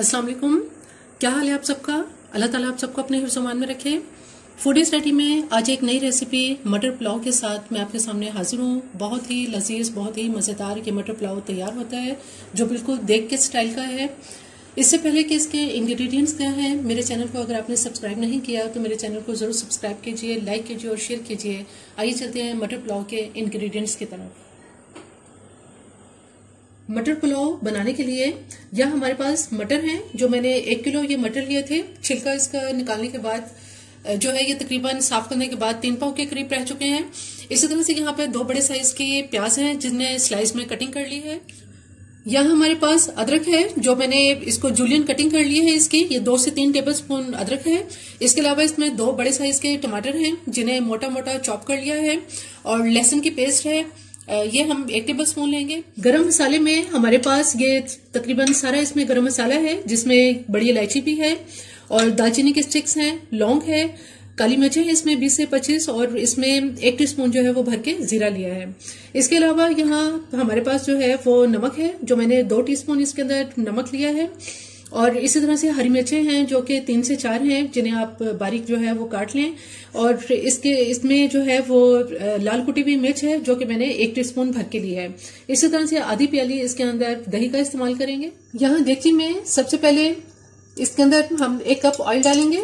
अस्सलाम वालेकुम क्या हाल है आप सबका अल्लाह ताला आप सबको अपने हिफ्जमान में रखे फूडी स्टडी में आज एक नई रेसिपी मटर पुलाव के साथ मैं आपके सामने हाजिर हूँ बहुत ही लजीज बहुत ही मज़ेदार ये मटर पुलाव तैयार होता है जो बिल्कुल देख के स्टाइल का है इससे पहले कि इसके इंग्रेडिएंट्स क्या हैं मेरे चैनल को अगर आपने सब्सक्राइब नहीं किया तो मेरे चैनल को ज़रूर सब्सक्राइब कीजिए लाइक कीजिए और शेयर कीजिए आइए चलते हैं मटर पुलाव के इंग्रेडिएंट्स की तरफ मटर पुलाव बनाने के लिए यह हमारे पास मटर है जो मैंने एक किलो ये मटर लिए थे छिलका इसका निकालने के बाद जो है ये तकरीबन साफ करने के बाद तीन पाव के करीब रह चुके हैं इसी तरह से यहाँ पे दो बड़े साइज के प्याज हैं जिन्हें स्लाइस में कटिंग कर ली है यहाँ हमारे पास अदरक है जो मैंने इसको जूलियन कटिंग कर ली है इसकी ये दो से तीन टेबल स्पून अदरक है इसके अलावा इसमें दो बड़े साइज के टमाटर हैं जिन्हें मोटा मोटा चॉप कर लिया है और लहसुन की पेस्ट है ये हम एक टेबल स्पून लेंगे गरम मसाले में हमारे पास ये तकरीबन सारा इसमें गरम मसाला है जिसमें बड़ी इलायची भी है और दालचीनी के स्टिक्स हैं लौंग है काली मिर्च है इसमें 20 से 25 और इसमें एक टीस्पून जो है वो भर के जीरा लिया है इसके अलावा यहाँ हमारे पास जो है वो नमक है जो मैंने दो टी इसके अंदर नमक लिया है और इसी तरह से हरी मिर्चें हैं जो कि तीन से चार हैं जिन्हें आप बारीक जो है वो काट लें और इसके इसमें जो है वो लाल कुटी हुई मिर्च है जो कि मैंने एक टी स्पून भर के लिए है इसी तरह से आधी प्याली इसके अंदर दही का इस्तेमाल करेंगे यहाँ देखिए मैं सबसे पहले इसके अंदर हम एक कप ऑयल डालेंगे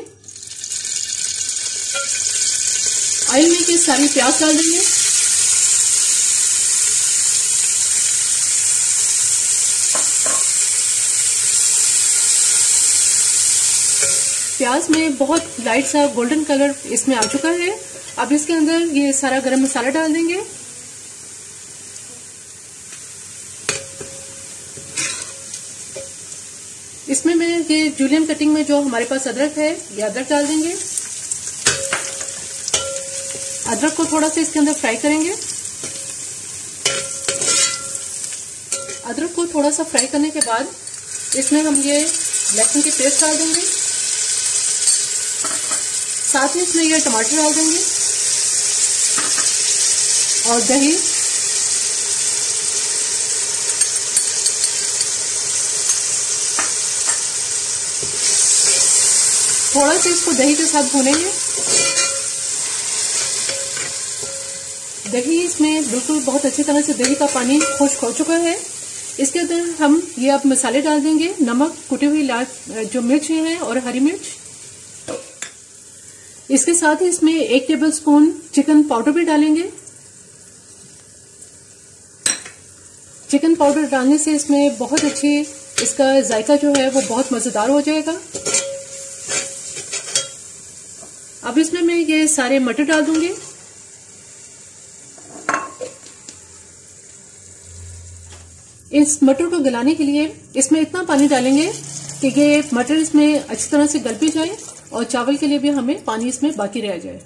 ऑयल में के सारी प्याज डाल देंगे प्याज में बहुत लाइट सा गोल्डन कलर इसमें आ चुका है अब इसके अंदर ये सारा गरम मसाला डाल देंगे इसमें मैं ये जूलियन कटिंग में जो हमारे पास अदरक है ये अदरक डाल देंगे अदरक को थोड़ा सा इसके अंदर फ्राई करेंगे अदरक को थोड़ा सा फ्राई करने के बाद इसमें हम ये लहसुन की पेस्ट डाल देंगे साथ ही इसमें ये टमाटर डाल देंगे और दही थोड़ा सा इसको दही के साथ भूनेंगे दही इसमें बिल्कुल बहुत अच्छी तरह से दही का पानी खुश्क हो चुका है इसके अंदर हम ये अब मसाले डाल देंगे नमक कुटी हुई लाल जो मिर्च है और हरी मिर्च इसके साथ ही इसमें एक टेबल स्पून चिकन पाउडर भी डालेंगे चिकन पाउडर डालने से इसमें बहुत अच्छी इसका जायका जो है वो बहुत मज़ेदार हो जाएगा अब इसमें मैं ये सारे मटर डाल दूंगी इस मटर को गलाने के लिए इसमें इतना पानी डालेंगे कि ये मटर इसमें अच्छी तरह से गल भी जाए और चावल के लिए भी हमें पानी इसमें बाकी रह जाए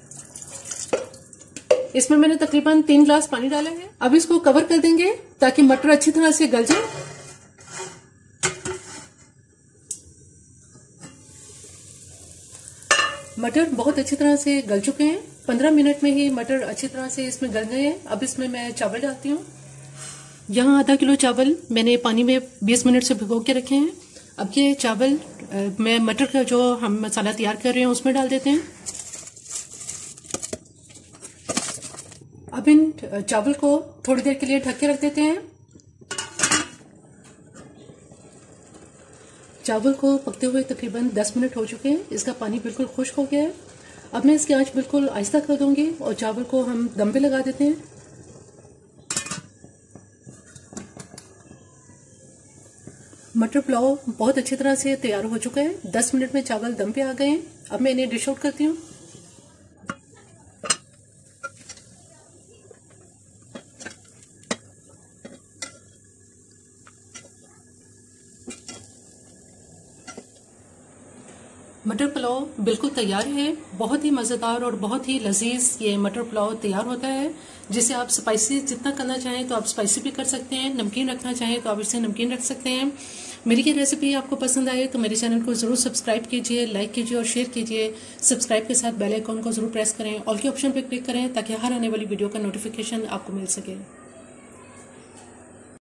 इसमें मैंने तकरीबन तीन ग्लास पानी डाला है अब इसको कवर कर देंगे ताकि मटर अच्छी तरह से गल जाए मटर बहुत अच्छी तरह से गल चुके हैं पंद्रह मिनट में ही मटर अच्छी तरह से इसमें गल गए हैं अब इसमें मैं चावल डालती हूँ यहाँ आधा किलो चावल मैंने पानी में बीस मिनट से भिगो के रखे हैं अब ये चावल मैं मटर का जो हम मसाला तैयार कर रहे हैं उसमें डाल देते हैं अब इन चावल को थोड़ी देर के लिए ढक के रख देते हैं चावल को पकते हुए तकरीबन 10 मिनट हो चुके हैं इसका पानी बिल्कुल खुश्क हो गया है अब मैं इसकी आंच बिल्कुल आहिस्ता कर दूंगी और चावल को हम दम पे लगा देते हैं मटर पुलाव बहुत अच्छी तरह से तैयार हो चुका है दस मिनट में चावल दम पे आ गए हैं अब मैं इन्हें डिश आउट करती हूँ मटर पुलाव बिल्कुल तैयार है बहुत ही मज़ेदार और बहुत ही लजीज ये मटर पुलाव तैयार होता है जिसे आप स्पाइसी जितना करना चाहें तो आप स्पाइसी भी कर सकते हैं नमकीन रखना चाहें तो आप इसे नमकीन रख सकते हैं मेरी ये रेसिपी आपको पसंद आए तो मेरे चैनल को ज़रूर सब्सक्राइब कीजिए लाइक कीजिए और शेयर कीजिए सब्सक्राइब के साथ बेल आइकॉन को ज़रूर प्रेस करें ऑल के ऑप्शन पर क्लिक करें ताकि हर आने वाली वीडियो का नोटिफिकेशन आपको मिल सके